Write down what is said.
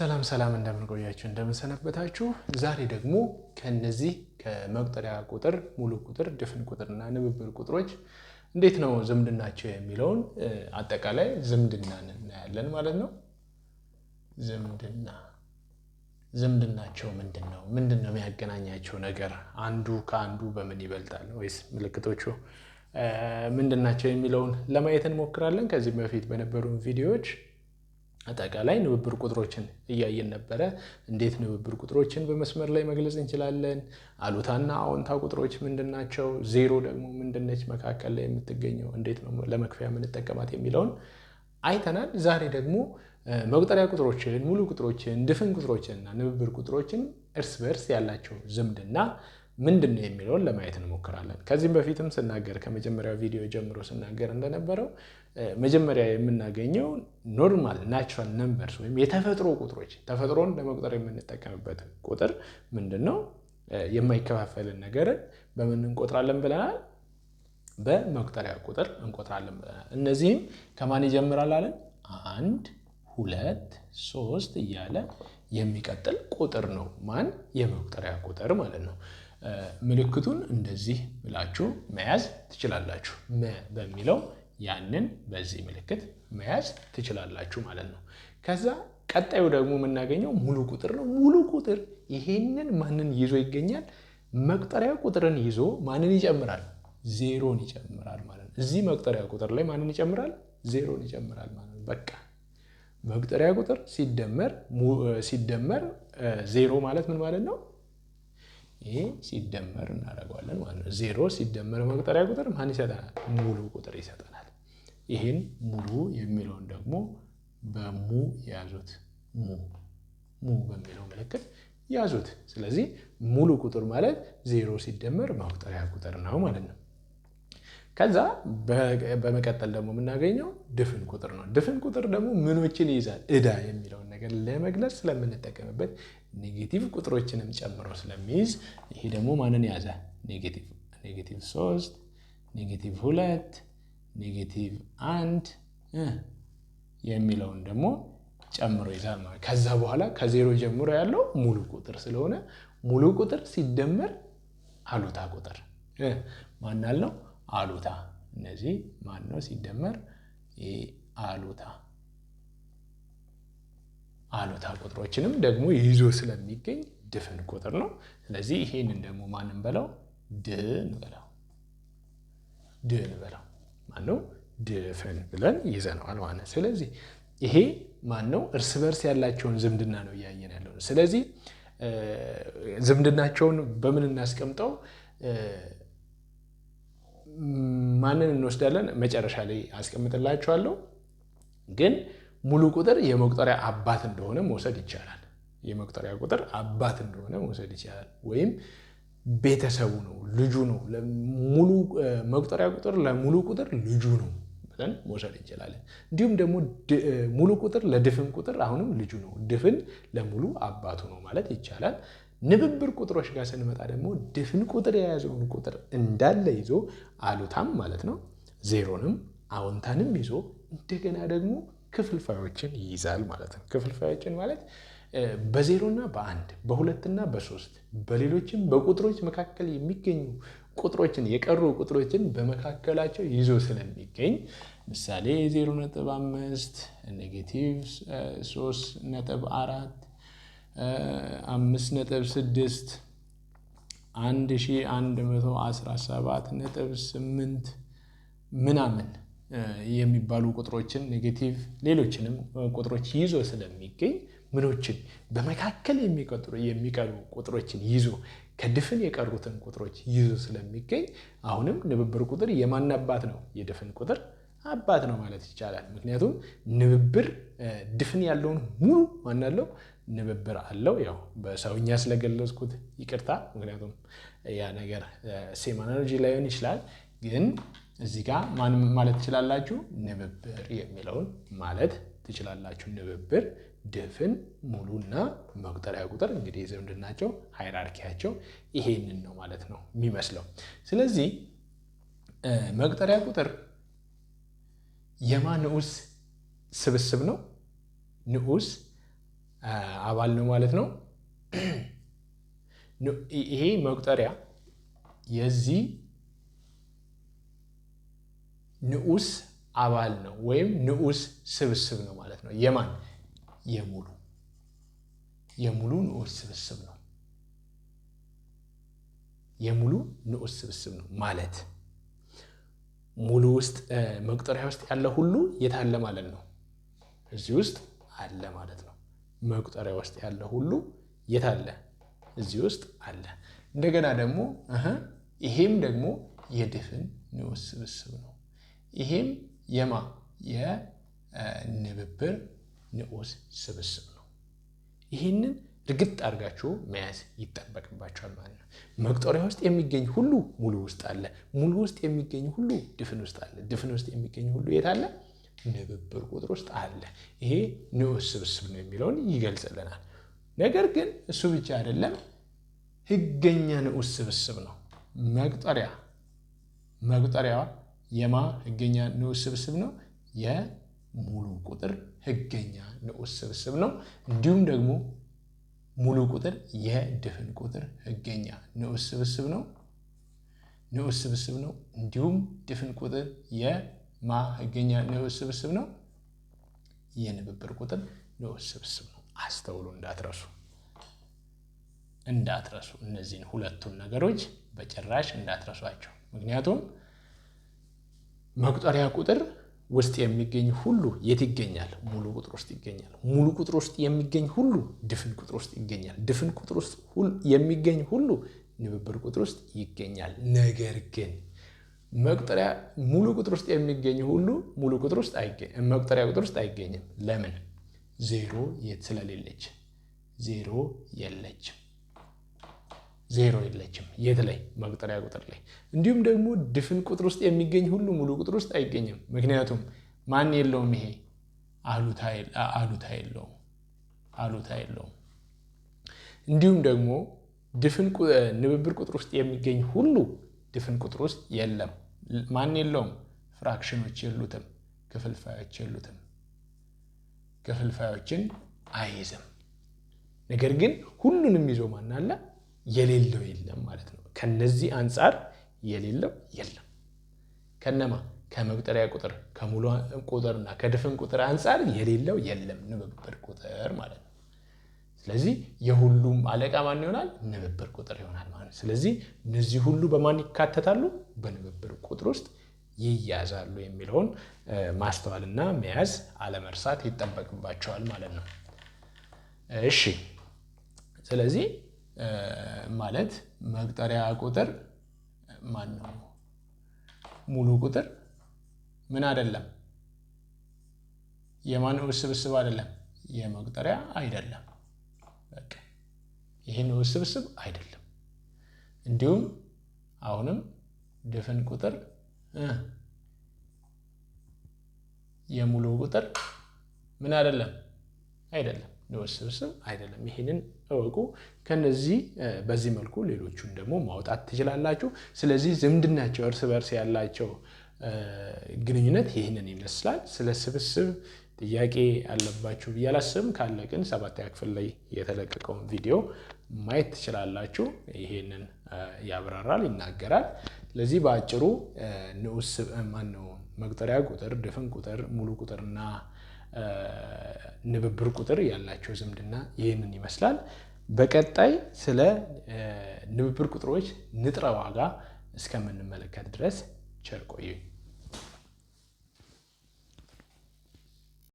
ሰላም ሰላም እንደምንቆያችሁ እንደምንሰነበታችሁ። ዛሬ ደግሞ ከነዚህ ከመቁጠሪያ ቁጥር ሙሉ ቁጥር፣ ድፍን ቁጥርና ንብብር ቁጥሮች እንዴት ነው ዝምድናቸው የሚለውን አጠቃላይ ዝምድናን እናያለን ማለት ነው። ዝምድና ዝምድናቸው ምንድን ነው? ምንድን ነው የሚያገናኛቸው ነገር? አንዱ ከአንዱ በምን ይበልጣል ወይስ ምልክቶቹ ምንድናቸው የሚለውን ለማየት እንሞክራለን። ከዚህ በፊት በነበሩ ቪዲዮዎች አጠቃላይ ንብብር ቁጥሮችን እያየን ነበረ። እንዴት ንብብር ቁጥሮችን በመስመር ላይ መግለጽ እንችላለን? አሉታና አዎንታ ቁጥሮች ምንድን ናቸው? ዜሮ ደግሞ ምንድነች? መካከል ላይ የምትገኘው እንዴት ነው ለመክፈያ የምንጠቀማት የሚለውን አይተናል። ዛሬ ደግሞ መቁጠሪያ ቁጥሮችን፣ ሙሉ ቁጥሮችን፣ ድፍን እና ንብብር ቁጥሮችን እርስ በእርስ ያላቸው ዝምድና ምንድን ነው የሚለውን ለማየት እንሞክራለን። ከዚህም በፊትም ስናገር ከመጀመሪያው ቪዲዮ ጀምሮ ስናገር እንደነበረው መጀመሪያ የምናገኘው ኖርማል ናቹራል ነምበርስ ወይም የተፈጥሮ ቁጥሮች፣ ተፈጥሮን ለመቁጠር የምንጠቀምበት ቁጥር ምንድን ነው? የማይከፋፈልን ነገርን በምን እንቆጥራለን ብለናል? በመቁጠሪያ ቁጥር እንቆጥራለን ብለናል። እነዚህም ከማን ይጀምራል አለን? አንድ ሁለት ሶስት እያለ የሚቀጥል ቁጥር ነው። ማን? የመቁጠሪያ ቁጥር ማለት ነው። ምልክቱን እንደዚህ ብላችሁ መያዝ ትችላላችሁ። መ በሚለው ያንን በዚህ ምልክት መያዝ ትችላላችሁ ማለት ነው። ከዛ ቀጣዩ ደግሞ የምናገኘው ሙሉ ቁጥር ነው። ሙሉ ቁጥር ይሄንን ማንን ይዞ ይገኛል? መቁጠሪያ ቁጥርን ይዞ ማንን ይጨምራል? ዜሮን ይጨምራል ማለት ነው። እዚህ መቁጠሪያ ቁጥር ላይ ማንን ይጨምራል? ዜሮን ይጨምራል ማለት ነው። በቃ መቁጠሪያ ቁጥር ሲደመር ሲደመር ዜሮ ማለት ምን ማለት ነው? ይሄ ሲደመር እናደርገዋለን ማለት ነው። ዜሮ ሲደመር መቁጠሪያ ቁጥር ማን ይሰጠናል? ሙሉ ቁጥር ይሰጠናል። ይህን ሙሉ የሚለውን ደግሞ በሙ ያዙት። ሙ ሙ በሚለው ምልክት ያዙት። ስለዚህ ሙሉ ቁጥር ማለት ዜሮ ሲደመር መቁጠሪያ ቁጥር ነው ማለት ነው። ከዛ በመቀጠል ደግሞ የምናገኘው ድፍን ቁጥር ነው። ድፍን ቁጥር ደግሞ ምኖችን ይይዛል? እዳ የሚለውን ነገር ለመግለጽ ስለምንጠቀምበት ኔጌቲቭ ቁጥሮችንም ጨምሮ ስለሚይዝ ይሄ ደግሞ ማንን ያዘ? ኔጌቲቭ ሶስት ኔጌቲቭ ሁለት ኔጌቲቭ አንድ የሚለውን ደግሞ ጨምሮ ይዛል ማለት ከዛ በኋላ ከዜሮ ጀምሮ ያለው ሙሉ ቁጥር ስለሆነ ሙሉ ቁጥር ሲደመር አሉታ ቁጥር ማናል ነው አሉታ እነዚህ ማን ነው ሲደመር አሉታ አሉታ ቁጥሮችንም ደግሞ ይዞ ስለሚገኝ ድፍን ቁጥር ነው። ስለዚህ ይሄንን ደግሞ ማንን በለው ድ እንበለው ድ እንበለው ማነው ድፍን ብለን ይዘነዋል ማለት ስለዚህ ይሄ ነው እርስ በርስ ያላቸውን ዝምድና ነው እያየን ያለው። ስለዚህ ዝምድናቸውን በምን እናስቀምጠው? ማንን እንወስዳለን መጨረሻ ላይ አስቀምጥላችኋለሁ። ግን ሙሉ ቁጥር የመቁጠሪያ አባት እንደሆነ መውሰድ ይቻላል። የመቁጠሪያ ቁጥር አባት እንደሆነ መውሰድ ይቻላል። ወይም ቤተሰቡ ነው፣ ልጁ ነው። ሙሉ መቁጠሪያ ቁጥር ለሙሉ ቁጥር ልጁ ነው ብለን መውሰድ እንችላለን። እንዲሁም ደግሞ ሙሉ ቁጥር ለድፍን ቁጥር አሁንም ልጁ ነው፣ ድፍን ለሙሉ አባቱ ነው ማለት ይቻላል። ንብብር ቁጥሮች ጋር ስንመጣ ደግሞ ድፍን ቁጥር የያዘውን ቁጥር እንዳለ ይዞ አሉታም ማለት ነው ዜሮንም አዎንታንም ይዞ እንደገና ደግሞ ክፍልፋዮችን ይይዛል ማለት ነው። ክፍልፋዮችን ማለት በዜሮና በአንድ በሁለትና በሶስት በሌሎችም በቁጥሮች መካከል የሚገኙ ቁጥሮችን የቀሩ ቁጥሮችን በመካከላቸው ይዞ ስለሚገኝ ምሳሌ 0 ነጥብ 5 ኔጌቲቭ 3 ነጥብ 4 አምስት ነጥብ ስድስት አንድ ሺ አንድ መቶ አስራ ሰባት ነጥብ ስምንት ምናምን የሚባሉ ቁጥሮችን ኔጌቲቭ ሌሎችንም ቁጥሮች ይዞ ስለሚገኝ ምኖችን በመካከል የሚቀሩ ቁጥሮችን ይዞ ከድፍን የቀሩትን ቁጥሮች ይዞ ስለሚገኝ አሁንም ንብብር ቁጥር የማን አባት ነው? የድፍን ቁጥር አባት ነው ማለት ይቻላል። ምክንያቱም ንብብር ድፍን ያለውን ሙሉ ማናለው ንብብር አለው። ያው በሰውኛ ስለገለጽኩት ይቅርታ። ምክንያቱም ያ ነገር ሴም አናሎጂ ላይሆን ይችላል። ግን እዚህ ጋ ማን ማለት ትችላላችሁ? ንብብር የሚለውን ማለት ትችላላችሁ። ንብብር፣ ድፍን፣ ሙሉና መቁጠሪያ ቁጥር እንግዲህ ዝምድናቸው ሃይራርኪያቸው ይሄንን ነው ማለት ነው የሚመስለው። ስለዚህ መቁጠሪያ ቁጥር የማ ንዑስ ስብስብ ነው ንዑስ አባል ነው ማለት ነው። ይሄ መቁጠሪያ የዚህ ንዑስ አባል ነው ወይም ንዑስ ስብስብ ነው ማለት ነው። የማን የሙሉ የሙሉ ንዑስ ስብስብ ነው። የሙሉ ንዑስ ስብስብ ነው ማለት ሙሉ ውስጥ መቁጠሪያ ውስጥ ያለ ሁሉ የት አለ ማለት ነው? እዚህ ውስጥ አለ ማለት ነው። መቁጠሪያ ውስጥ ያለ ሁሉ የት አለ? እዚህ ውስጥ አለ። እንደገና ደግሞ ይሄም ደግሞ የድፍን ንዑስ ስብስብ ነው። ይሄም የማ የንብብር ንዑስ ስብስብ ነው። ይህንን እርግጥ አድርጋችሁ መያዝ ይጠበቅባቸዋል ማለት ነው። መቁጠሪያ ውስጥ የሚገኝ ሁሉ ሙሉ ውስጥ አለ። ሙሉ ውስጥ የሚገኝ ሁሉ ድፍን ውስጥ አለ። ድፍን ውስጥ የሚገኝ ሁሉ የት አለ? ንብብር ቁጥር ውስጥ አለ። ይሄ ንዑስ ስብስብ ነው የሚለውን ይገልጽልናል። ነገር ግን እሱ ብቻ አይደለም፣ ህገኛ ንዑስ ስብስብ ነው። መቁጠሪያ መቁጠሪያ የማ ህገኛ ንዑስ ስብስብ ነው። የሙሉ ቁጥር ህገኛ ንዑስ ስብስብ ነው። እንዲሁም ደግሞ ሙሉ ቁጥር የድፍን ቁጥር ህገኛ ንዑስ ስብስብ ነው ንዑስ ስብስብ ነው። እንዲሁም ድፍን ቁጥር የ ማ ይገኛል ንዑስ ስብስብ ነው። የንብብር ቁጥር ንዑስ ስብስብ ነው። አስተውሉ፣ እንዳትረሱ እንዳትረሱ እነዚህን ሁለቱን ነገሮች በጭራሽ እንዳትረሷቸው። ምክንያቱም መቁጠሪያ ቁጥር ውስጥ የሚገኝ ሁሉ የት ይገኛል? ሙሉ ቁጥር ውስጥ ይገኛል። ሙሉ ቁጥር ውስጥ የሚገኝ ሁሉ ድፍን ቁጥር ውስጥ ይገኛል። ድፍን ቁጥር ውስጥ የሚገኝ ሁሉ ንብብር ቁጥር ውስጥ ይገኛል። ነገር ግን መቁጠሪያ ሙሉ ቁጥር ውስጥ የሚገኝ ሁሉ ሙሉ ቁጥር ውስጥ አይገኝም፣ መቁጠሪያ ቁጥር ውስጥ አይገኝም። ለምን? ዜሮ ስለሌለች። ዜሮ የለችም። ዜሮ የለችም። የት ላይ? መቁጠሪያ ቁጥር ላይ። እንዲሁም ደግሞ ድፍን ቁጥር ውስጥ የሚገኝ ሁሉ ሙሉ ቁጥር ውስጥ አይገኝም። ምክንያቱም ማን የለውም? ይሄ አሉታ የለውም። አሉታ የለውም። እንዲሁም ደግሞ ድፍን ንብብር ቁጥር ውስጥ የሚገኝ ሁሉ ድፍን ቁጥር ውስጥ የለም። ማን የለውም? ፍራክሽኖች የሉትም፣ ክፍልፋዮች የሉትም፣ ክፍልፋዮችን አይይዝም። ነገር ግን ሁሉንም ይዞ ማን አለ? የሌለው የለም ማለት ነው። ከነዚህ አንጻር የሌለው የለም። ከነማ ከመቁጠሪያ ቁጥር ከሙሉ ቁጥርና ከድፍን ቁጥር አንጻር የሌለው የለም ንብብር ቁጥር ማለት ነው። ስለዚህ የሁሉም አለቃ ማን ይሆናል? ንብብር ቁጥር ይሆናል ማለት ስለዚህ እነዚህ ሁሉ በማን ይካተታሉ? በንብብር ቁጥር ውስጥ ይያዛሉ የሚለውን ማስተዋልና መያዝ አለመርሳት ይጠበቅባቸዋል ማለት ነው። እሺ፣ ስለዚህ ማለት መቁጠሪያ ቁጥር ማን ነው? ሙሉ ቁጥር ምን አይደለም? የማን ስብስብ አይደለም፣ የመቁጠሪያ አይደለም። ይህን ውስብስብ አይደለም። እንዲሁም አሁንም ድፍን ቁጥር የሙሉ ቁጥር ምን አይደለም አይደለም ውስብስብ አይደለም። ይህንን እወቁ። ከነዚህ በዚህ መልኩ ሌሎቹን ደግሞ ማውጣት ትችላላችሁ። ስለዚህ ዝምድናቸው እርስ በርስ ያላቸው ግንኙነት ይህንን ይመስላል። ስለ ስብስብ ጥያቄ አለባችሁ ብዬ አላስብም። ካለ ግን ሰባተኛ ክፍል ላይ የተለቀቀውን ቪዲዮ ማየት ትችላላችሁ። ይሄንን ያብራራል፣ ይናገራል። ለዚህ በአጭሩ ንዑስ ማነው መቁጠሪያ ቁጥር፣ ድፍን ቁጥር፣ ሙሉ ቁጥርና ንብብር ቁጥር ያላቸው ዝምድና ይህንን ይመስላል። በቀጣይ ስለ ንብብር ቁጥሮች ንጥረ ዋጋ እስከምንመለከት ድረስ ቸር ቆዩኝ።